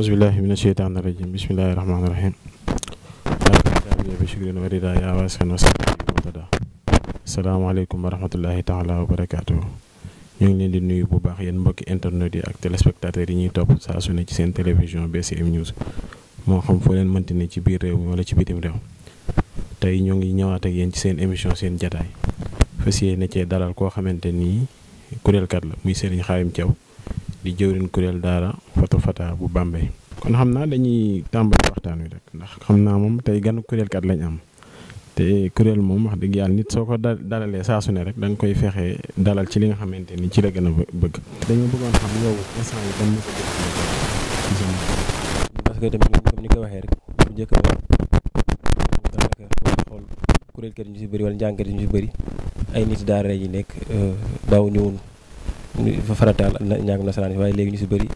أعوذ بالله من الشيطان الرجيم بسم الله الرحمن الرحيم السلام عليكم ورحمة الله تعالى وبركاته ñu ngi leen di nuyu bu baax mbokki internet yi ak téléspectateurs yi ñuy topp saa su ne ci seen télévision BCM News moo xam foo leen mënti ne ci biir réew mi wala ci bitim réew tey ñu ngi ñëwaat ak yéen ci seen émission seen jataay fas yéene cee dalal koo xamante ni la muy Serigne Thiaw di jëwriñ kuréel daara Fatou Fata bu Bambey. kon xam naa dañuy tàmbali waxtaan wi rek ndax xam naa moom tey gan kuréelkat lañ am te kuréel moom wax dëgg yàlla nit soo ko dalalee saa su ne rek da koy fexe dalal ci li nga xamante ni ci la gën a bëgg. dañu bëggoon xam yow instant yi ban que tamit comme ni ko waxee rek bu njëkk ba daanaka xool kuréelkat yi ñu si bëri wala njàngat yi ñu si bëri ay nit daara yi nekk euh, daawuñu woon farataal njàngam nasaraan yi waaye léegi ñu si bëri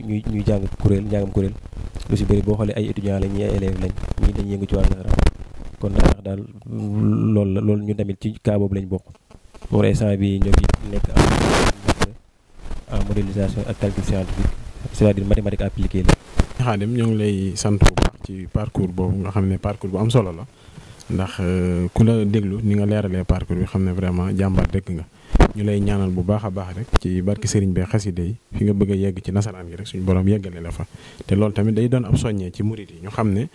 ñu ñuy jàng kuréel njàngam kuréel lu si bëri boo xoolee ay étudiants lañ ñii ay élèves lañ ñii dañ yëngu ci wàllu nasaraan kon daanaka daal loolu la lool ñu tamit ci cas boobu lañ bokk pour instant bi ñoo ngi nekk en modélisation ak calcul scientifique c'est-à-dire mathématique appliquée la Xaadim ñoo ngi lay sant bu baax ci parcours boobu nga xam ne parcours bu am solo la ndax euh, ku la déglu ni nga leeralee parcours bi xam ne vraiment jàmbaar dëgg nga ñu lay ñaanal bu baax a baax rek ci barki sëriñ bi xaside yi fi nga bëgg yegg ci nasaraan gi rek suñu borom yeggale la fa te loolu tamit day doon ab soññee ci murit yi ñu xam ne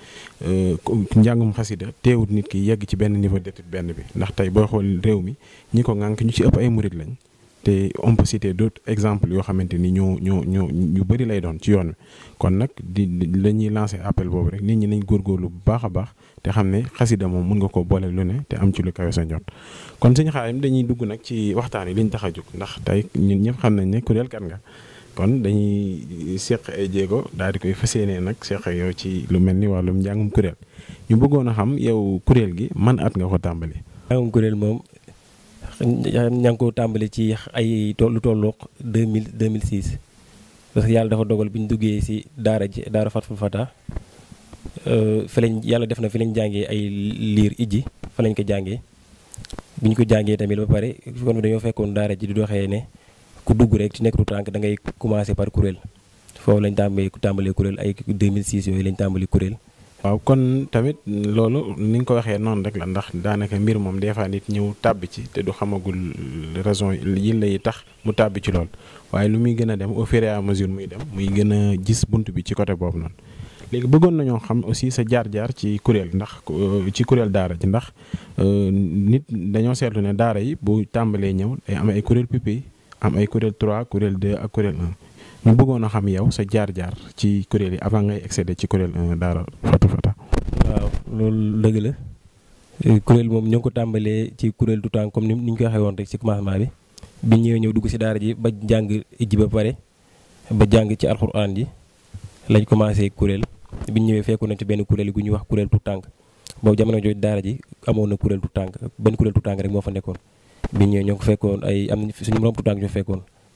euh, njàngum xasida teewut nit ki yegg ci benn niveau d'étude benn bi ndax tey boo xool réew mi ñi ko ŋànk ñu ci ëpp ay murit lañ te on peut citer d'autres yoo xamante ni ñoo ñu ñu ñu bari lay doon ci yoon wi kon nag di lañuy ñuy lancer appel boobu rek nit ñi nañ góorgóorlu bu baax a baax te xam ne xasida moom mun nga ko boole lu ne te am ci lu kawe sa njot kon suñu xaalim dañuy dugg nag ci waxtaan yi liñ tax a jóg ndax tey ñun ñëpp xam nañ ne kuréel kan nga kon dañuy seq ay jéego daal di koy fas yéenee nag seq yow ci lu mel ni wàllum njàngum kuréel ñu bëggoon a xam yow kuréel gi man at nga tàmbali. ña ngi ko tàmbali ci ay lu tollook 2000 2006 parce que yàlla dafa dogal bi ñu duggee si daara ji daara fat Fata euh, fa lañ yàlla def na fi lañ jàngee ay liir ijji fa lañ ko jàngee bi ñu ko jàngee tamit ba pare kon dañoo fekkoon daara ji di doxee ne ku dugg rek ci nekk tu tànk da ngay commencé par kuréel foofu lañ tàmbalee ku tàmbalee kuréel ay 2006 yooyu lañ tàmbali kuréel waaw kon tamit loolu ni nga ko waxee noonu rek la ndax daanaka mbir moom des fois nit ñëw tàbbi ci te du xamagul raison yi lay tax mu tàbbi ci lool waaye lu muy gën a dem au fur mesure muy dem muy gën a gis bunt bi ci côté boobu noonu. léegi bëggoon nañoo xam aussi sa jaar-jaar ci kuréel ndax euh, ci kuréel daara ji ndax euh, nit dañoo seetlu ne daara yi bu tàmbalee ñëw day am ay kuréel pipi am ay kuréel 3 kuréel 2 ak kuréel 1. ñu bëggoon a xam yow sa jaar-jaar ci kuréel yi avant ngay accéder ci kuréel euh, daara Fatou Fata. waaw loolu dëgg la euh, kuréel moom ñoo ko tàmbalee ci kuréel du tànk comme ni ñu ko waxee woon rek ci commencement bi bi ñëwee ñëw dugg si daara ji ba jàng ji ba pare ba jàng ci alxuraan ji lañ commencé kuréel bi ñëwee fekku nañ ci benn kuréel gu ñuy wax kuréel tu tànk boobu jamono jooju daara ji amoon na kuréel tu tànk benn kuréel tu tànk rek moo fa nekkoon bi ñëwee ñoo ko fekkoon ay am na suñu morom tu tànk fekkoon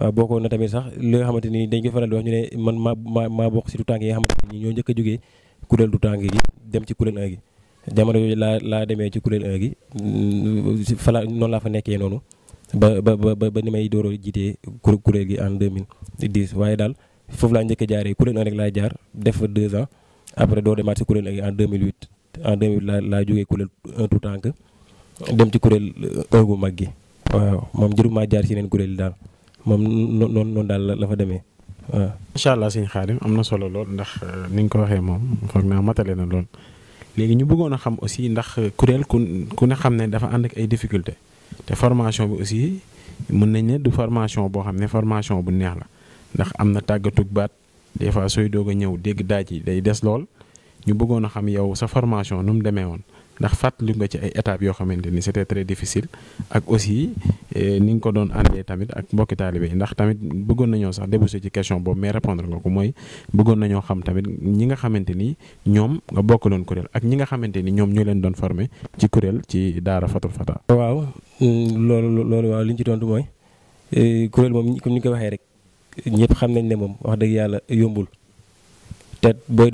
Euh, bokkoon na tamit sax li nga xamante ni dañ ko faral di wax ñu ne man maa maa maa bokk si du tànk yi nga xamante ni ñoo njëkk kuréel du tànk dem ci kuréel 1 gi yooyu laa laa demee ci kuréel gi mm, la noonu laa fa nekkee noonu ba ba ba ba ni may door a jiitee kuréel gi en 2010 waaye daal foofu njëkk jaaree kuréel 1 rek laa jaar def fa 2 doo demaat si kuréel 1 gi en 2008 en 2008 laa laa jógee kuréel 1 tout tànk dem ci kuréel 1 euh, gu mag gi waaw moom jëru maa jaar si yeneen kuréel yi daal moom noonu noonu daal la fa demee waaw. incha allah sëñ am na solo lool ndax euh, ni nga ko waxee moom foog naa matale na lool léegi ñu bëggoon a xam aussi ndax kuréel ku ku ne xam ne dafa ànd ak ay difficulté te formation bi aussi mën nañ ne du formation boo xam ne formation bu neex la ndax am na tàggatug baat des fois sooy doog a ñëw dégg daaj yi day des lool ñu bëggoon a xam yow sa formation nu mu demee woon ndax fàttali nga ci ay étapes yoo xamante ni c'était très difficile ak aussi eh, ni nga ko doon àndee tamit ak mbokki taalibe yi ndax tamit bëggoon nañoo sax débouché ci question boobu mais répondre nga ko mooy bëggoon nañoo xam tamit ñi nga xamante ni ñoom nga bokk bokkaloon kuréel ak ñi nga xamante ni ñoom ñoo leen doon formé ci kuréel ci daara Fatul Fata. waaw mm, loolu loolu waaw li ñu ci tontu mooy eh, kuréel moom comme ni ko waxee rek ñëpp xam nañ ne moom wax dëgg yàlla yombul te booy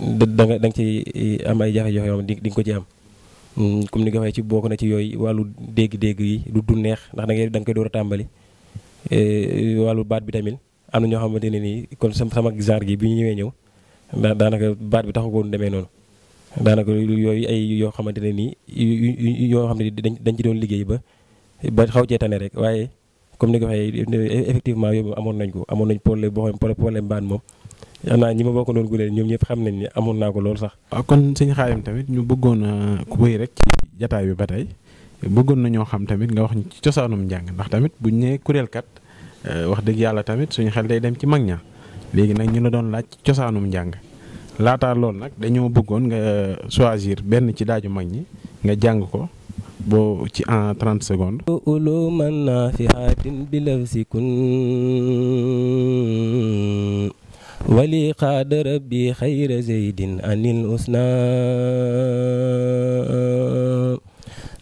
da nga da nga ci eh, am ay jafe-jafe yoo ko ci mm, comme ni nga waxee ci bokk na ci yooyu wàllu dégg-dégg yi du du neex ndax da ngay da koy door a tàmbali eh, wàllu baat bi tamit am ñoo xamante ne nii kon sama sama genre gi bi ñu ñëwee ñëw daa daanaka baat bi taxu demee noonu daanaka yooyu ay yoo xamante ne nii yoo xam ne dañ dañ ci doon liggéey ba ba xaw cee tane rek waaye. comme ni nga ko waxee effectivement yow amoon nañ ko amoon nañ problème boo xam ne problème baan moom xanaa ñi ma bokk noonu guddee ñoom ñëpp xam nañ ne amoon naa ko loolu sax. waaw kon sëñ Xaadim tamit ñu bëggoon a euh, ku wéy rek jataay bi ba tey bëggoon na ñoo xam tamit nga wax ñu ci cosaanum njàng ndax tamit buñ nee kuréel kat euh, wax dëgg yàlla tamit suñu xel day dem ci mag ña léegi nag ñu la doon laaj ci cosaanum njàng laataa loolu nag dañoo bëggoon nga euh, choisir benn ci daaju mag ñi nga jàng ko 30 secondes ولي قادر ربي خير أن الأسنى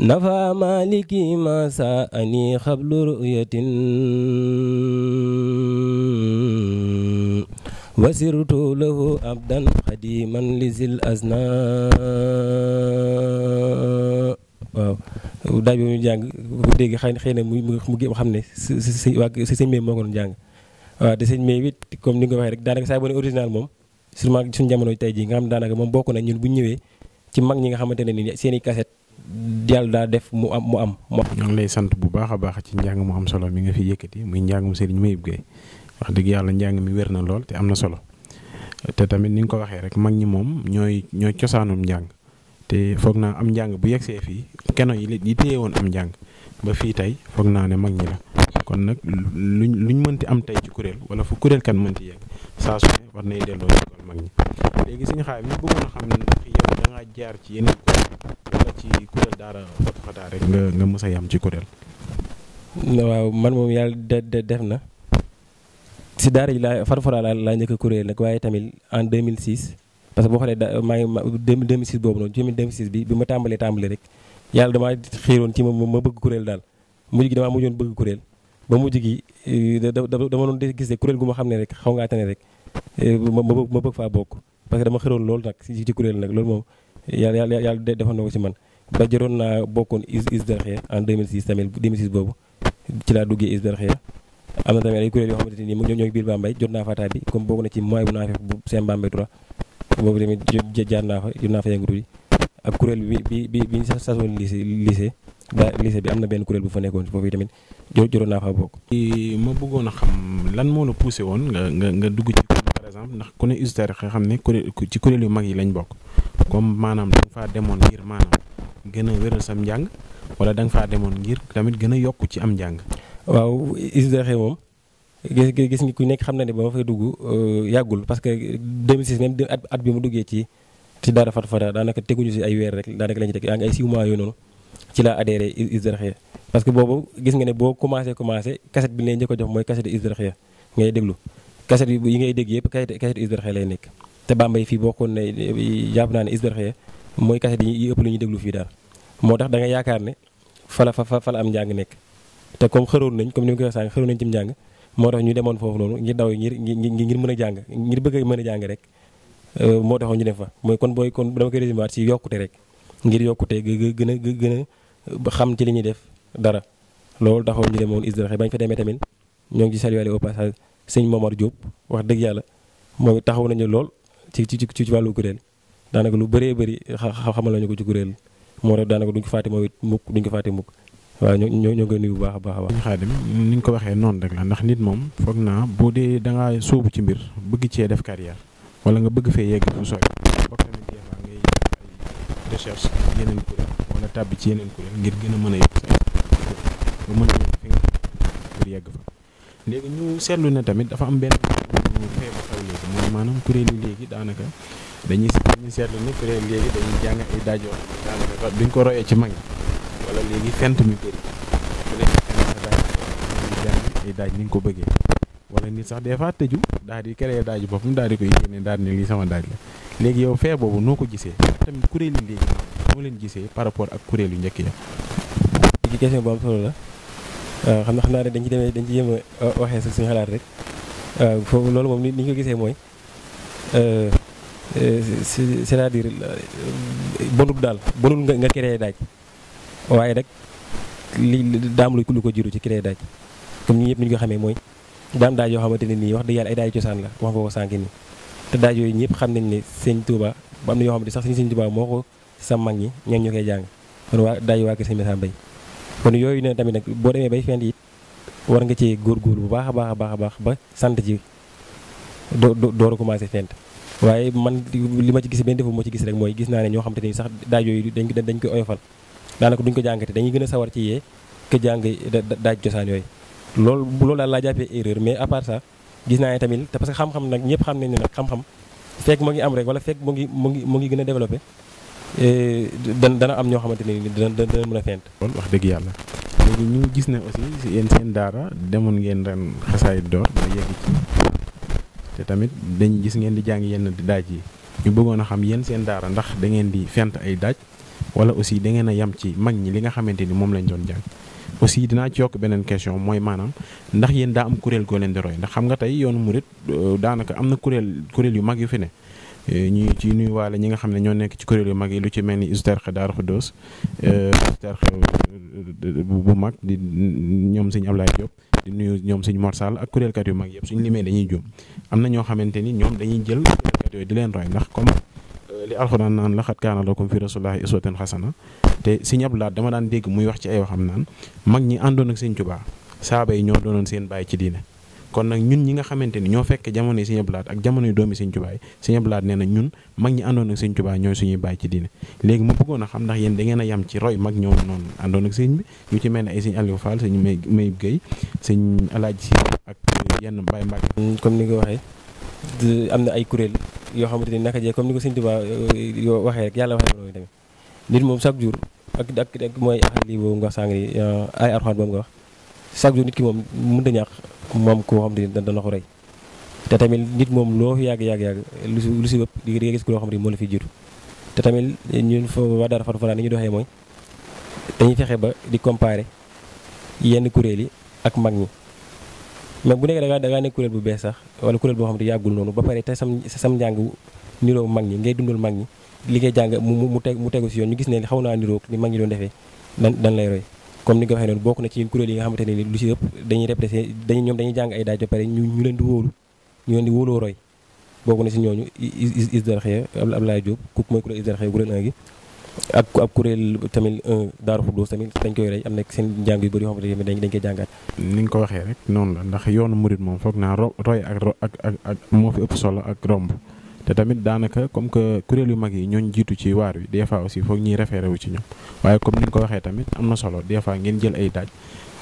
نفع مالكي ما سأني خبل رؤية وسرت له أبدا قديما لزل ازنا waaw daay boobu ñu jàng bu dégg xëy xëy na mu mu xam ne si waa si sëñ Mey moo ko doon jàng waaw te sëñ Mey it comme ni nga ko waxee rek daanaka saa boo ne original moom sûrement suñu jamono tey jii nga xam ne daanaka moom bokk na ñun bu ñëwee ci mag ñi nga xamante ne ni seen i kaset yàlla daa def mu am mu am mu am. ñoo lay sant bu baax a baax ci njàng mu am solo mi nga fi yëkkati muy njàngum Serigne Mayib Gueye wax dëgg yàlla njàng mi wér na lool te am na solo te tamit ni nga ko waxee rek mag ñi moom ñooy ñooy cosaanum njàng te foog naa am njàng bu yegsee fii keno yi yi téye woon am njàng ba fii tey foog naa ne mag ñi la kon nag luñ luñ mënti am tey ci kuréel wala fu kuréel kan mënti yegg saa su ne war nay delloo ci kon mag ñi léegi suñu xaay mi a xam ne ndax yow da jaar ci yeneen kuréel wala ci kuréel daara Fatou Fatah rek nga nga mës a yam ci kuréel. waaw man moom yàlla de de def na si daara yi laa Fatou Fatah laa njëkk a kuréel nag waaye tamit en 2006. parce que boo xoolee da maa ngi 2006 boobu noonu ci 2006 bi bi ma tàmbalee tàmbali rek yàlla damaa xiiroon ci ma bëgg kuréel daal mujj gi damaa mujjoon bëgg kuréel ba mujj gi eh, dama doon gis ne eh, bëgg faa nag loolu moom yàlla yàlla yàlla na ko ci man ba jëroon naa bokkoon ISRA en 2006 tamit 2006 boobu ci laa duggee ISRA am na tamit ay kuréel yoo xamante ni ñoo ngi comme bokk na ci mooy bu naa fekk bu seen Bambey boobu tamit jaar naa fa jot naa fa yàgg tuuti ak kuréel bi bi bi bi ñu sasoon lycée lycée bi am na benn kuréel bu fa nekkoon foofu yi tamit joroon naa fa bokk. ma bëggoon a xam lan moo la poussé woon nga nga nga dugg ci par exemple ndax ku ne universitaire nga xam ne kuréel ci kuréel yu mag yi lañ bokk comme maanaam da nga faa demoon ngir maanaam gën a wéral sam njàng wala da nga faa demoon ngir tamit gën a yokk ci am njàng. waaw universitaire moom. gis gis nekk xam na ne ba fay dugg euh, yàggul parce que 2006 at bi mu duggee ci ci daara Fatou Fata daanaka teguñu ay weer rek daanaka la ñu teg yaa ngi ay parce que boobu gis nga ne boo commencé commencé cassette bi ñu lay njëkk a jox mooy cassette Hizbut-Tarqiyyah ngay déglu cassette yi ngay dégg yëpp cassette Hizbut-Tarqiyyah lay nekk te Bambey fii bokkoon ne jàpp naa ne Hizbut-Tarqiyyah mooy cassette yi ëpp lu ñuy déglu fii daal moo tax da yaakaar ne fala fa fala am njàng nekk te comme xëroon nañ comme ni ma ko waxee sànq xëroon nañ ci njàng moo tax ñu demoon foofu noonu ngir daw ngir ngir mën a jàng ngir bëgg a mën a jàng rek euh, moo taxoon ñu dem fa mooy kon booy kon dama koy résumé waat si yokkute rek ngir yokkute gën a gën a xam ci li ñuy def dara loolu taxoon ñu demoon ISRA bañ fa demee tamit ñoo ngi ci saluwaale au passage sëñ Momar jóob wax dëgg yàlla moo moom taxaw nañu lool ci ci ci wàllu kuréel daanaka lu bëree bëri xamal nañu ko ci kuréel moo tax daanaka duñ ko fàtte moo it mukk duñ ko fàtte mukk waaw ñoo ñoo ñoo ngi nuyu bu baax a baax a baax. Xaadim ni nga ko waxee noonu rek la ndax nit moom foog naa boo dee danga ngaa ci mbir bëgg cee def carrière wala nga bëgg fee yegg fu sori foog tamit des fois ngay ay recherche yeneen wala tàbbi ci yeneen kuréel ngir gën a mën a yegg fa. léegi ñu seetlu ne tamit dafa am benn feebu xew léegi mooy maanaam kuréel yi léegi daanaka dañuy dañuy seetlu ne kuréel léegi dañuy jàng ay daajoo daanaka duñ ko royee ci mag yi wala léegi fent mi bëri daaj ni ñu ko bëggee wala nit sax des fois tëju daal di créer daaj boppam daal di koy génne daal ne lii sama daaj la léegi yow fee boobu noo ko gisee tamit kuréel yi léegi noo leen gisee par rapport ak kuréel yu njëkk ya léegi question xam na euh, xam naa ne dañ ci demee dañ ci yëm a waxee sax suñu xalaat rek euh, foofu loolu moom ni ñu gisee mooy euh, c'est-à-dire bonul daal bonul nga créer daaj waaye rek li daam lu lu ko jiru ci ki daaj comme ñun ñëpp ni ñu ko xamee mooy daam daaj yoo xamante ne nii wax dëgg yàlla ay daaj cosaan la wax nga ko sànq nii te daaj yooyu ñëpp xam nañ ne sëñ ba am na yoo xamante sax sëñ Touba moo ko sa mag ñi ñoom ñu koy jàng kon waa daaj waa kër sëñ Massa Mbaye kon yooyu ne tamit nag boo demee bay fent yi war nga ci cee góorgóorlu bu baax a baax a baax a baax ba sant ji doo door a commencé fent waaye man li ma ci gis benn defu moo ci gis rek mooy gis naa ne ñoo xam xamante ni sax daaj yooyu dañ dañ koy oyofal daanaka duñ ko jàngate dañuy gën a sawar ci yee ke jàng daaj cosaan yooyu loolu loolu daal laa jàppee erreur mais à part gis naa ne tamit te parce que xam ñëpp xam nañ ne nag xam-xam fekk mu am rek wala fekk mu ngi mu ngi mu ngi gën a développé eh, dan dana am ñoo xamante ne dana dana mën a fent kon wax dëgg yàlla léegi ñu gis ne aussi yéen seen daara demoon ngeen ren xasaay door ba te tamit dañ gis ngeen di jàng yenn daaj yi ñu bëggoon a xam yéen seen daara ndax da ngeen di fent ay daaj wala aussi da ngeen a yam ci mag ñi li nga xamante ni moom lañu doon jàng aussi dinaa ci yokk beneen question mooy maanaam ndax yéen daa am kuréel goo leen di roy ndax xam nga tey yoonu murit euh, daanaka am na kuréel kuréel yu mag yu fi ne euh, ñuy ci nuyuwaale ñi nga xam ne ñoo nekk ci kuréel yu mag yi lu ci mel ni Hizbut-Tarqiyyah Daaru Xudoos euh, Hizbut-Tarqiyyah bu mag di ñoom sëñ Ablaye Diop di nuyu ñoom sëñ Mor ak kuréelkat yu mag yëpp suñ limee dañuy juum am na ñoo xamante ni ñoom dañuy jël kuréelkat yooyu di leen roy ndax comme li alxuraan naan laxat kaana lakum fi rasulillahi uswatun xasana te Sëñ dama daan dégg muy wax ci ay waxam naan mag ñi àndoon ak Sëñ Tuubaa saaba yi ñoo doonoon seen bàyyi ci diine kon nag ñun ñi nga xamante ni ñoo fekk jamono yi Sëñ ak jamono yu doomi Sëñ Tuubaa yi Sëñ Abdu Lahat nee na ñun mag ñi àndoon ak Sëñ Tuubaa ñooy suñuy bàyyi ci diine léegi mu bëggoon a xam ndax yéen da ngeen a yam ci roy mag ñoom noonu àndoon ak sëñ bi ñu ci mel ne ay Sëñ Aliou Fall Sëñ Mayib Gueye Sëñ Alaaji Si ak yenn Baye Mbàkke comme ni nga waxee am na ay kuréel yoo xamante ni naka jee comme ni ko sëñ Tuubaa eh, yoo waxee rek yàlla waxee loolu tamit moom chaque jour ak ak ak mooy axal nga wax eh, ay arxaan boobu nga wax chaque jour nit ki moom mënut a ñàkk moom koo xamante ko rey te tamit nit moom loo yàgg yàgg yàgg lu si lu si ëpp di nga gis loo xam ne moo la fi jiitu te tamit ñu foofu waa Daara Fatou Fallane ni ñu doxee mooy dañuy fexe ba di comparer yenn kuréel yi ak mag ñi. mais bu nekkee da ngaa da ngaa nekk kuréel bu bees sax wala kuréel boo xam ne yàggul noonu ba pare te sam sam njàng niroo mag ñi ngay dundal mag ñi li ngay jàng mu mu teg mu tegu si yoon ñu gis ne xaw naa niroo ni mag ñi doon defee dan dan lay roy comme ni nga waxee noonu bokk na ci kuréel yi nga xamante ne ni lu si ëpp dañuy répété dañuy ñoom dañuy jàng ay daaj ba pare ñu ñu leen di wóolu ñu leen di wóoloo roy bokk na si ñooñu Isdal Xëy Ablaye Diop kooku mooy kuréel gi ak ab kuréel tamit euh, Daaru Xuddoos tamit dañ koy rey am na seen njàng yu bëri yoo xamante dañ koy jàngaat. ni nga ko waxee rek noonu la ndax yoonu murit moom foog naa roy ak ak ak moo fi ëpp solo ak romb te tamit daanaka comme que kuréel yu mag yi ñooñ jiitu ci waar wi des fois aussi foog ñuy référé wu ci ñoom waaye comme ni nga ko waxee tamit am na solo des fois ngeen jël ay daaj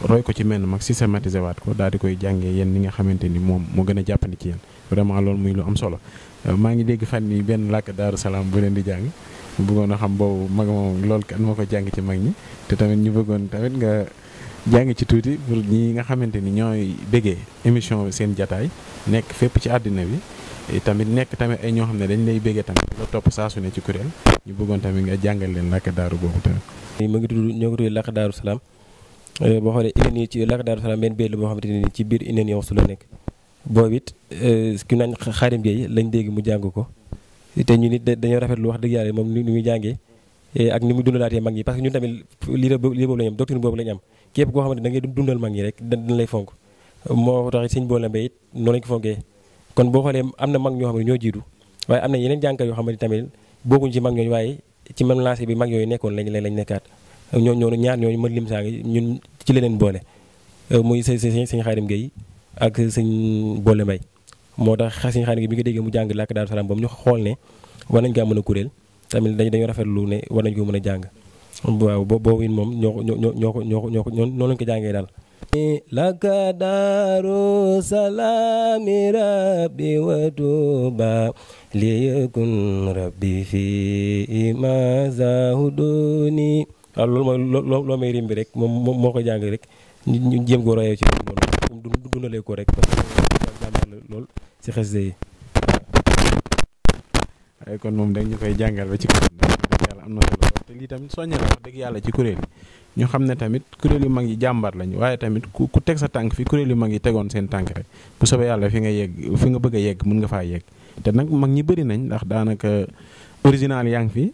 roy ko ci mel mag systématiser waat ko daal di koy jàngee yéen ni nga xamante ni moom moo gën a jàppandi ci yéen vraiment loolu muy lu am solo euh, maa ngi dégg fan yi benn làkk Daaru Salaam bu leen di jàng bëggoon a xam boobu mag moom loolu kan moo ko jàng ci mag ñi te tamit ñu bëggoon tamit nga jàng ci tuuti pour ñi nga xamante ni ñooy bëggee émission seen jataay nekk fépp ci àddina bi tamit nekk tamit ay ñoo xam ne dañ lay bëggee tamit la topp saa su ne ci kuréel ñu bëggoon tamit nga jàngal leen làkk daaru boobu tamit. mu ngi tudd ñoo ngi tudd làkk daaru salaam euh, boo xoolee ineen yi ci làkk daaru salaam benn béy la boo xamante ne nii ci biir ineen yi waxtu la nekk it ki euh, naan xaarim bi lañ dégg mu jàng ko. te ñu nit dañoo rafetlu wax dëgg yàlla moom ni muy jàngee eh, ak ni muy dundalaatee mag ñi parce que ñun tamit lii lii boobu la ñu am doctrine boobu la ñu am képp koo xamante da ngay dundal mag ñi rek dañ lay fonk moo tax sëñ Bola Mbaye kon boo xoolee am na mag ñoo xam ne ñoo jiitu waaye am na yeneen jànkat yoo xamante tamit bokkuñ ci mag ñooñu waaye ci même lancé bi mag yooyu nekkoon lañ lañ nekkaat ñoo ñoo ñaar ñooñu mën lim saa ngi ñun ci la leen boole muy sëñ sëñ Xaadim Gueye ak sëñ Bola may moo tax xasin xaan gi bi nga déggee mu jàng làkk daru salam bam ñu xol ne war nañ ga mëna kurel tamit dañ dañu lu ne war nañ ko mëna jang jàng waaw bo it moom ñoo ko ñoo ko ñoo ko non lañ ko jàngee daal laka daru salam rabbi wa li yakun rabbi fi ma zahuduni waaw loolu mooy loo may rimbi rek mom moko ko rek ñu jëm go royé ci moom dund ko rek parce lool ci xasida yi waaye kon moom dañ ñu koy jàngal ba ci kuréel am na solo te lii tamit soññal wax yàlla ci kuréel yi ñu xam ne tamit kuréel yu mag yi jàmbaar lañu waaye tamit ku ku teg sa tànk fi kuréel yu mag yi tegoon seen tànk rek bu soobee yàlla fi nga yegg fi nga bëgg a yegg mun nga faa yegg te nag mag ñi bari nañ ndax daanaka original yaa ngi fi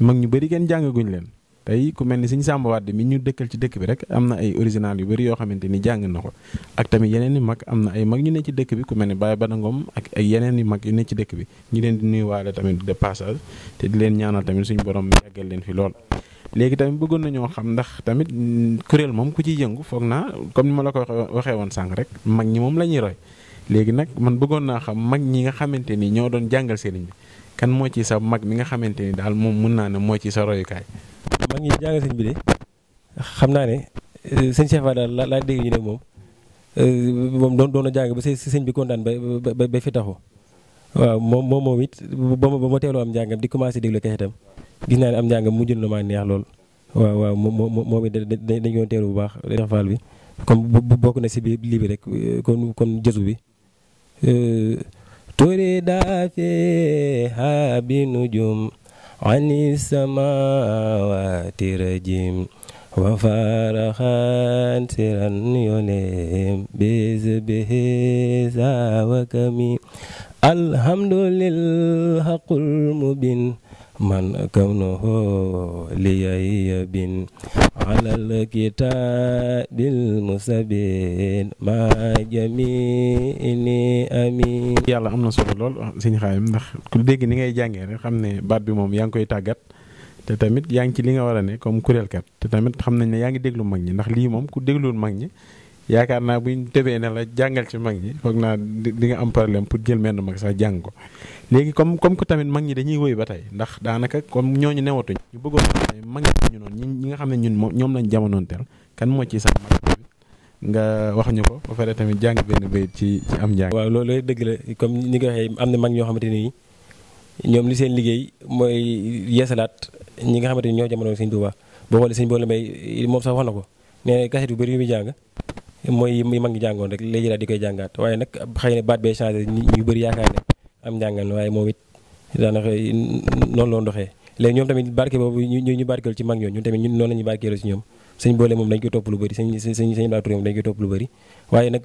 mag ñu bëri kenn jàngaguñ leen tey ku mel ni Sëñ Samba Wade mi ñu dëkkal ci dëkk bi rek am na ay original yu bëri yoo xamante ni jàng na ko ak tamit yeneen i mag am na ay mag ñu ne ci dëkk bi ku mel ni Baye Badangom ak ay yeneen i mag yu ne ci dëkk bi ñu leen di nuyuwaale tamit de passage te di leen ñaanal tamit suñu borom yàggal leen fi lool. léegi tamit bëggoon na ñoo xam ndax tamit kuréel moom ku ciy yëngu foog naa comme ni ma la ko waxee woon sànq rek mag ñi moom la ñuy roy léegi nag man bëggoon naa xam mag ñi nga xamante ni ñoo doon jàngal sëriñ bi kan moo ci sa mag mi nga xamante ni daal moom mun naa ne moo ci sa royukaay man ngi jaaga sëñ bi de xam naa ne euh, sëñ Cheikh Fall daal laa dégg ñu ne moom euh, moom doon doon na jàng ba sëñ bi kontaan ba ba fi taxu waaw moom moom moom it ba ma teeloo am njàngam di commencé déglu kasetam gis naa ne am njàngam mujj na maa neex lool waaw waaw moom moom it dañu doon teelu bu baax Cheikh Fall bi comme bu bokk na si biir lii bi rek kon kon jësu bi euh, turi daa fi ha bi nujum عن السماوات رجيم وفارخان سرا يليم بزبه ذا وكمي الحمد لله المبين من كونه لي بن على الكتاب المسبين مع جميع امين yàlla am na solo lool sëñ Xaadim ndax ku dégg ni ngay jàngee rek xam ne baat bi moom yaa ngi koy tàggat te tamit yaa ngi ci li nga war a ne comme kuréelkat te tamit xam nañ ne yaa ngi déglu mag ñi ndax lii moom ku déglul mag ñi yaakaar naa buñ tebee ne la jàngal ci mag ñi foog naa di nga am problème pour jël menn mag sax jàng ko léegi comme comme que tamit mag ñi dañuy woy ba tey ndax daanaka comme ñooñu newatuñ ñu bëggoon mag ñi ñu noonu ñi nga xam ne ñun ñoom lañ jamonoon teel kan moo ci sax mag nga wax ñu ko ba pare tamit jàng benn bayit ci ci am njàng. loolu dëgg la comme ni am na mag ñoo xamante ni ñoom li seen liggéey mooy yeesalaat ñi nga xamante ni ñoo jamono Sëñ Tuubaa boo xoolee sëñ Boole Mbay moom sax wax na ko nee na yu bëri yu muy jàng. mooy muy mag ngi jàngoon rek léegi daal di koy jàngaat waaye nag xëy na baat bee changé ñu bëri yaakaar ne am njàngal waaye moom it daanaka noonu loon doxee léegi ñoom tamit barke boobu ñu ñu barkeelu ci mag ñooñu ñun tamit ñun noonu la ñuy barkeelu ci ñoom sëñ boole moom dañ koy topp lu bëri sëñ sëñ sëñ daal moom dañ koy topp lu bëri li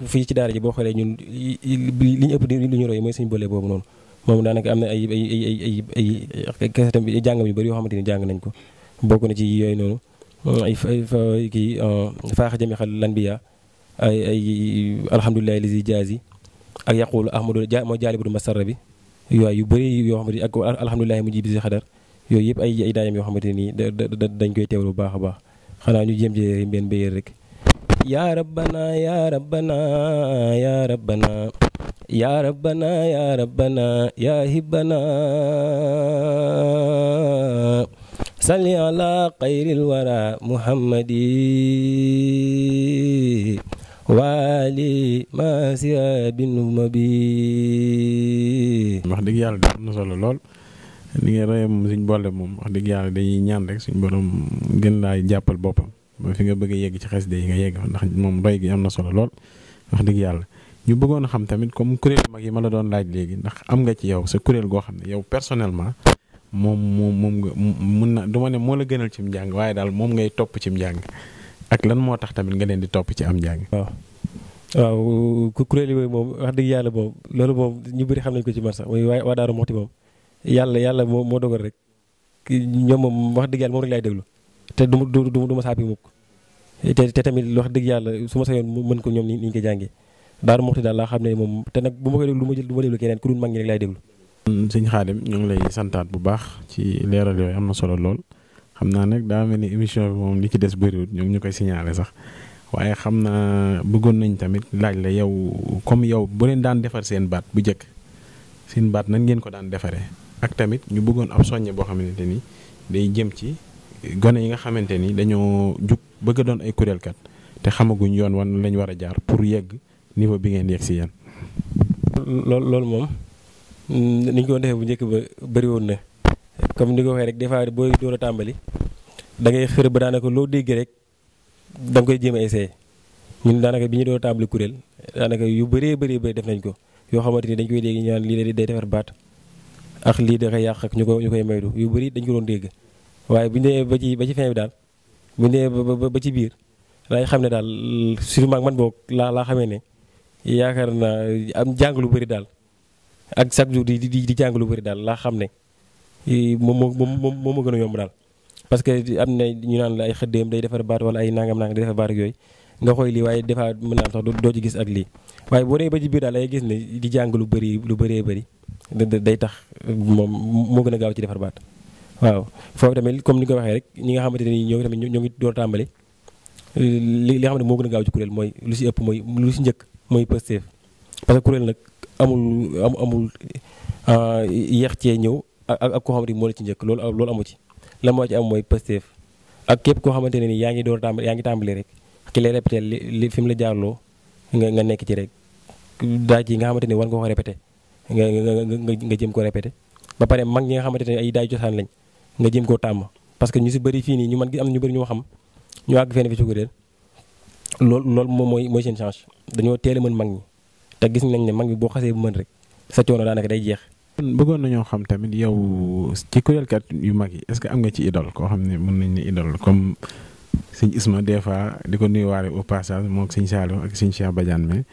ëpp lu ñu roy mooy sëñ boole boobu noonu moom daanaka am na ay ay ay ay ay kese tam jàngam yu bëri yoo xamante ni jàng nañ ko bokk na ci yooyu noonu ay kii euh, faaxa jami xal lan bi yaa ay ay alhamdulilahi lazi jaaz yi ak yaqulu ahmadu ja mooy jaalibul masarra bi yooyu yu bëri yoo xamante ni ak alhamdulilahi mu ji si xadar yooyu yëpp ay ay daayam yoo xamante nii dañ koy teewlu bu baax a baax xanaa ñu jéem jee mbeen mbéyéer rek yaa rabbana yaa rabbana yaa rabbana yaa hibbana salli ala xayril wara muhammadi waali ma siya binduma bi wax dëgg yàlla de am na solo lool li nga rëy moom suñ boole moom wax dëgg yàlla dañuy ñaan rek suñ borom gën laay jàppal boppam ba fi nga bëgg a yegg ci xes de yi nga yegg ndax moom roy gi am na solo lool wax dëgg yàlla ñu bëggoon a xam tamit comme kuréel mag yi ma la doon laaj léegi ndax am nga ci yow sa kuréel goo xam ne yow personnellement moom moom moom nga mun na du ma ne moo la gënal ci mu njàng waaye daal moom ngay topp cim njàng ak lan moo tax tamit nga leen di topp ci am njàng. waaw waaw kuréel yooyu moom wax dëgg yàlla moom loolu moom ñu bëri xam nañ ko ci man sax muy waa waa Daaru Muxti moom yàlla yàlla moo moo dogal rek ñoom moom wax dëgg yàlla moom rek laay déglu te du du du ma saabi mukk te te tamit wax dëgg yàlla su ma sañoon mën ko ñoom ni ñu ko jàngee Daaru Muxti daal la xam ne moom te nag bu ma koy déglu ma jël du ma déglu keneen ku dul mag ñi rek laay déglu. sëñ Xaadim ñu ngi lay santaat bu baax ci leeral yooyu am na solo lool. xam naa nag daa mel ni émission bi moom li ci des bëriwul ñoom ñu koy signalé sax waaye xam naa bëggoon nañ tamit laaj la yow comme yow bu leen daan defar seen baat bu njëkk seen baat nan ngeen ko daan defaree ak tamit ñu bëggoon ab soññe boo xamante ni day jëm ci gone yi nga xamante ni dañoo jug bëgg doon ay kuréelkat te xamaguñ yoon wan lañ war a jaar pour yegg niveau bi ngeen yegg si yéen. loolu loolu moom mm, ni ñu ko defee bu njëkk ba bëri woon na comme ni ko waxe rek defa boy booy door a da ngay xër ba daanaka lo dégg rek dang koy jema essay ñun daanaka bi ñu door a tàmbali kuréel yu beure beure bëri def nañ ko yo xamanteni dañ koy dégg ñu naan lii day defar bat ak li da nga yàq ak ñuko ko maydu yu beuri dañ ko doon dégg waye buñu ba ci ba ci fin bi daal bu ne ba ci biir lay xamne daal surtout man bok la la xamé ne yaakar na am jang lu beuri daal ak sak jour di di jang lu beuri daal la xamne ne. moom moo moom moo gën a yomb daal parce que am na ñu naan la ay xëddeem day defar baat wala ay nangam nangam day defar baat ak yooyu nga xooy lii waaye des fois mën naa sax doo ci gis ak lii waaye boo dee ba ci biir daal day gis ne di jàng lu bëri lu bëree bëri day tax moom moo gën a gaaw ci defar baat waaw foofu tamit comme ni nga ko waxee rek ñi nga xamante ne ñoo tamit ñoo ngi door tàmbali li li nga xam ne moo gën a gaaw ci kuréel mooy lu si ëpp mooy lu si njëkk mooy positif parce que kuréel nag amul amul ah, yeex cee ñëw ak koo xamante ni moo la ci njëkk loolu loolu amu ci lan moo ci am mooy Pastef ak képp koo xamante ne ni yaa ngi door tàmbali yaa ngi tàmbali rek ki lay répété li fi la jaarloo nga nekk ci rek daaj yi nga xamante ni war nga ko répété nga nga jëm ko répété ba pare mag ñi nga xamante ne ay daay cosaan lañ nga jëm koo tàmm parce que ñu si bëri fii nii ñu man gi am ñu bëri ñoo xam ñu àgg fenn fi cukaréel loolu loolu moom mooy mooy seen change dañoo teel mën mag ñi te gis nañ ne mag bi boo xasee bu mën rek sa coono daanaka day jeex bëggoon nañoo xam tamit yow ci kuréelkat yu mag yi est-ce que am nga ci idole koo xam ne mën nañ ne idole comme sëñ Isma des fois di ko nuyuwaale au passage moo ak sëñ ak sëñ Cheikh Badiane mais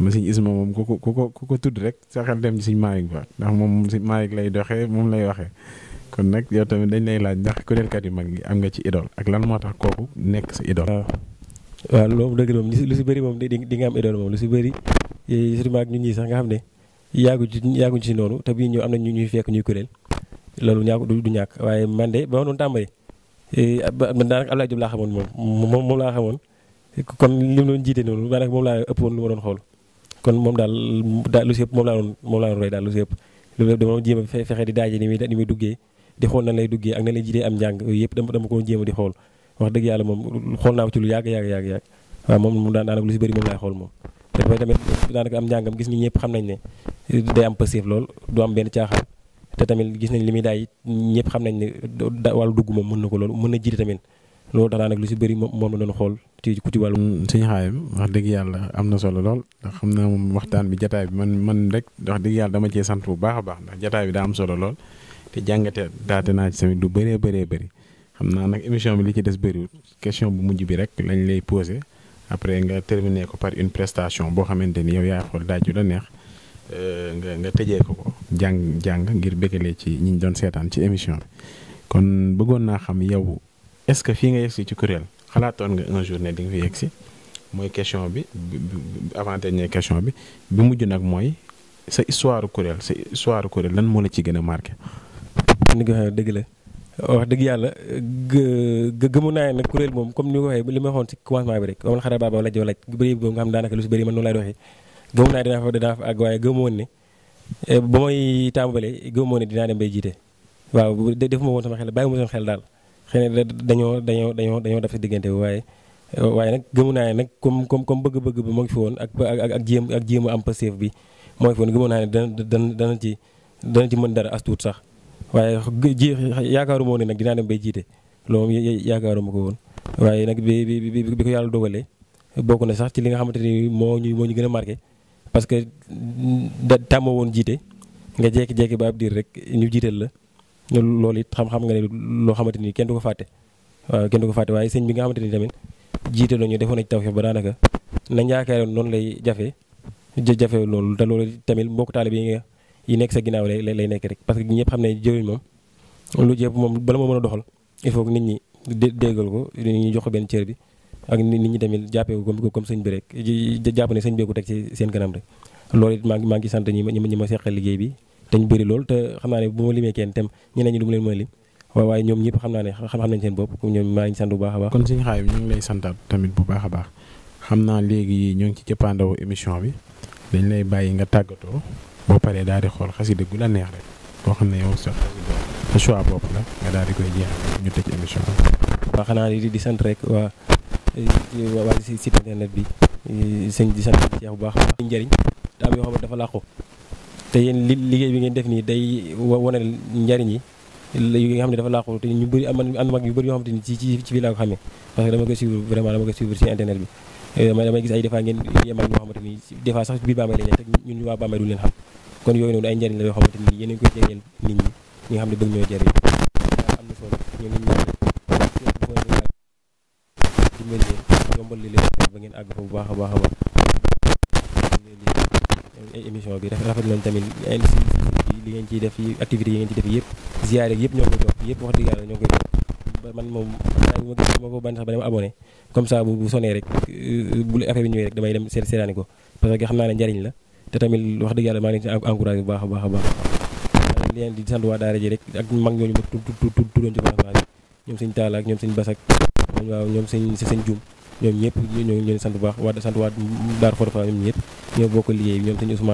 ma sëñ Isma moom ku ko ku ko ku ko tudd rek sa xel dem ci sëñ Malick ba ndax moom sëñ Malick lay doxee moom lay waxee kon nag yow tamit dañ lay laaj ndax kuréelkat yu mag yi am nga ci idole ak lan moo tax kooku nekk sa idole. waaw loolu dëgg moom lu si bëri moom di nga am idole moom lu si bëri eh, surtout ak ñun ñii sax nga xam ne yaagu ci yaaguñ ci noonu te bu ñuy ñëw am na ñu ñuy fekk ñuy kuréel loolu ñaaku du ñàkk waaye man de ba ma doon tàmbali eh, man daanaka Abdoulaye Diop laa xamoon moom moom laa xamoon kon li mu doon jiite noonu daanaka moom laa ëpp woon lu ma doon xool kon moom daal daal lu si ëpp moom laa doon moom laa lu si ëpp loolu dama fexe di daaje ni muy ni muy duggee di xool nan lay duggee ak nan lay jiitee am njàng yooyu yëpp dama dama ko jéem a di xool wax dëgg yàlla moom xool naa ko ci lu yàgg yàgg yàgg yàgg waaw moom daanaka lu si bëri moom laay xool moom te tamit am njàngam gis ñi ñëpp xam nañ ne day am passif lool du am ben caaxaan té tamit gis nañ limi day ñepp xam nañ ni wàllu dugg moom mën ko lool mëna na jiite tamit loolu tax naa lu ci bëri moom la doon xool ci ku ci wàllu. Mm, suñu xaayam wax dëgg yalla amna solo lool ndax xam naa moom waxtaan bi jotaay bi man man rek wax dëgg yalla dama cee sant bu baaxa baax ndax jotaay bi da am solo lool té jangate daate naa ci tamit du bëré bëré bëri xam naa nag émission bi li ci des bëriwul question bu mujj bi rek lañ lay poser après nga terminer ko par une prestation bo xamanteni yow yaa xol daaju la neex. Euh, nga nga tëjee ko ko jàng jàng ngir bégalee ci ñi ñu doon seetaan ci émission bi kon bëggoon naa xam yow est-ce que fii nga yegsi ci kuréel xalaatoon nga un jour ne di nga fi yegsi mooy question bi avant dernière question bi bi mujj nag mooy sa histoire kuréel sa histoire kuréel lan moo la ci gën a marqué. ni nga dëgg la wax dëgg yàlla gë gëmu naa nag kuréel moom comme li ma waxoon ci commencement bi rek ba man xarala baabaaw lajjoo laaj bu bëri boobu nga xam gëm naa dinaa fa dinaa fa àgg waaye gëmoon ne eh, ba may tàmbalee gëmoon ne dinaa dem bay jiite waaw defuma woon sama xel bàyyi ma sama xel daal xëy na dañoo dañoo dañoo dañoo def si diggante bi waaye waaye nag gëmu naa ne nag comme comme comme bëgg-bëgg bu moo ngi fi woon ak ak jéem ak jéem am passeef bi mooy ngi fi woon naa ne dana dana dana ci dana ci mën dara as tuut sax waaye ji yaakaaru moo ne nag dinaa dem bay jiite loolu yaakaaruma ko woon waaye nag bi bi bi ko yàlla dogalee bokk na sax ci li nga xamante ni moo ñu moo ñu gën a marqué parce que da tàmmoo woon jiite nga jékki-jékki ba ab diir rek ñu jiital la loolu it xam-xam nga ne loo xamante ni kenn du ko fàtte waaw kenn du ko fàtte waaye sëñ bi nga xamante ni tamit jiite la ñu defoon na ci tawfeex ba daanaka nañ yaakaaroon noonu lay jafe jafe loolu te loolu tamit mbokk taale bi nga yi nekk sa ginnaaw lay lay nekk rek parce que ñëpp xam ne jëriñ moom lu jëpp moom bala moo mën a doxal il faut nit ñi déggal ko ñu jox benn cër bi ak nit ñi tamit jàppee ko comme comme sëñ bi rek jàpp ne sëñ bee ko teg ci seen kanam rek loolu it maa ngi maa ngi sant ñi ma ñi ma seqal liggéey bi dañ bëri loolu te xam naa ne bu ma limee kenn tem ñeneen ñi du leen mën a lim waaye ñoom ñëpp xam naa ne xam nañ seen bopp ñoom maa ngi sant bu baax a baax. kon a la nga daal di koy jeexal ñu tëj émission bi. waaw xanaa di di sant rek waa Eh, eh, waa si internet bi eh, sëñ di sant Cheikh bu baax baax njëriñ daa am yoo dafa làqu te yéen li liggéey bi ngeen def nii day wane njariñ yi nga xam ne dafa làqu te ñu bëri am na mag yu bëri yoo xam te ni ci ci bi laa ko xamee parce que dama ko suivre vraiment ñu teg ñun waa du leen xam kon yooyu noonu ay njëriñ la yoo xamante ni yéen a ngi koy jëriñal nit ñi ñi nga xam ne bëgg ñoo jëriñ yombal li leen ba ngeen àgg fa bu baax a baax a baax ay émission bi rafet nañ tamit li ngeen ciy def yi activité yi ngeen ciy def yëpp ziare yëpp ñoo ko jox yëpp wax dëgg yàlla ñoo koy jox man moom ma gis ma ko bànn sax ba dama abonné comme ça bu sonee rek euh, bu affaire bi ñëwee rek damay dem seet seetaani ko parce que xam naa ne njariñ la te tamit wax dëgg yàlla maa ngi leen ci encouragé bu baax a baax a baax li leen di sant waa daara ji rek ak mag ñooñu ma tuddoon ci baax ñoom sëñ Talla ak ñoom sëñ Basak waaw ñoom sëñ sëñ Juum ñoom ñëpp ñu ngi leen sant bu baax waa sant waa Daaru Xorofaa ñoom ñëpp ñoo bokk liggéey bi ñoom sëñ dañoo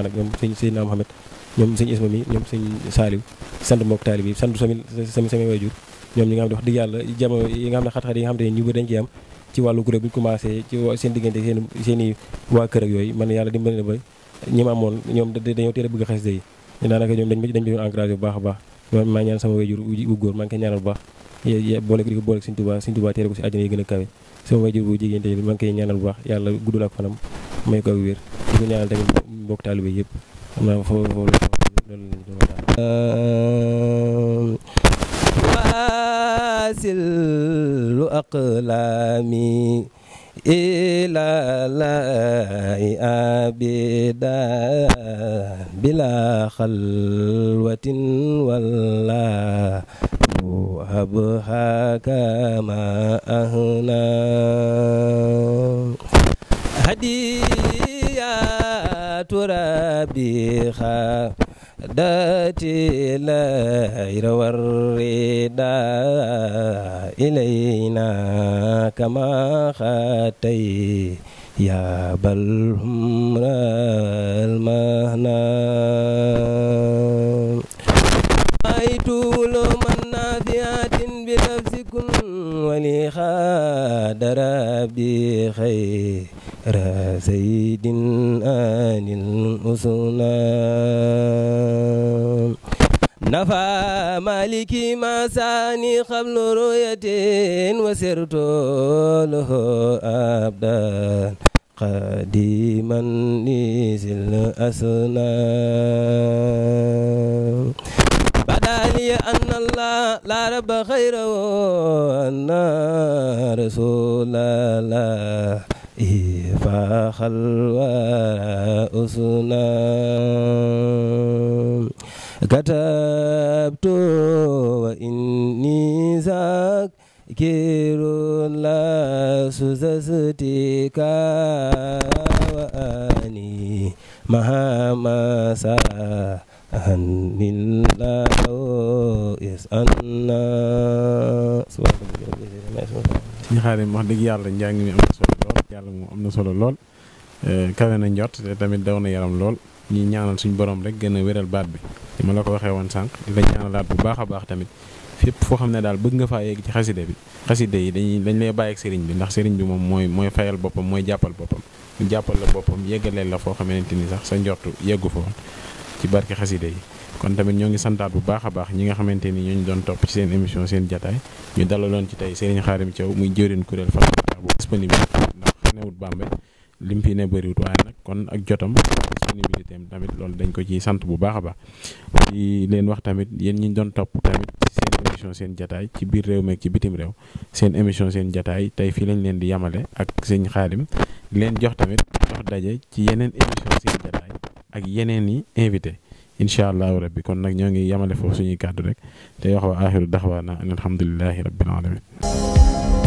teel a bëgg xasida yi ñoom dañ dañ doon bu baax baax maa ñaan sama waajur wu góor maa ngi koy ñaanal bu baax boole di ko boole Sëñ Tuubaa Sëñ Tuubaa teere ko si àjjana yi gën a kawe sama wajur bu jigéen tamit maa ngi ñaanal bu baax yàlla guddal ak fanam may ko ak wér di ko ñaanal tamit mbokk taalibe yëpp xam naa foofu foofu lu aqlaami إلى لا أبدا بلا خلوة ولا وهبها كما أهنا هدية ربي داتي لا يروريدا إلينا كما خاتي يا بل هم المهنا أيت من ناديات بنفسكم ولي خاد ربي خير را آن آل نفى مالك ما ساني قبل رؤية وسرت له أبدا قديما لذي الأسنام بدا لي أن الله لا رب خيره وأن رسول الله إفاخ الورى أسنا كتبت وإني ذاكر لا سزستك وأني مهما سأ أهن الله يسألنا. sëñ Xaadim wax dëgg yàlla njàng mi am na solo. yàlla moom am na solo lool eh, kawe na njot te tamit daw na yaram lool ñuy ñaanal suñ borom rek gën a wéral baat bi li ma la ko waxee woon sànq di la ñaanalaat bu baax a baax tamit fépp foo xam ne daal bëgg nga fa yegg ci xaside bi xaside yi dañuy dañ lay bàyyi ak sëriñ bi ndax sëriñ bi moom mooy mooy fayal boppam mooy jàppal boppam mu jàppal la boppam yeggaleel la foo xamante ni sax sa njortu yeggu fa woon ci barke xaside yi kon tamit ñoo ngi santaat bu baax a baax ñi nga xamante ni ñooñu doon topp ci seen émission seen jataay ñu dalaloon tey Serigne Khadim Thiaw muy jëwriñ kuréel newut Bambey lim fi ne bëriwut waaye nag kon ak jotam disponibilité am tamit loolu dañ ko ci sant bu baax a baax di leen wax tamit yéen ñi doon topp tamit seen émission seen jataay ci biir réew meeg ci bitim réew seen émission seen jataay tey fii lañ leen di yamale ak sëñ Xaadim leen jox tamit jox daje ci yeneen émission seen jataay ak yeneen yi invité incha allahu rabbi kon nag ñoo ngi yamale foofu suñuy kàddu rek te wax wa aaxiru daxwaana an alhamdulilahi rabbil alamin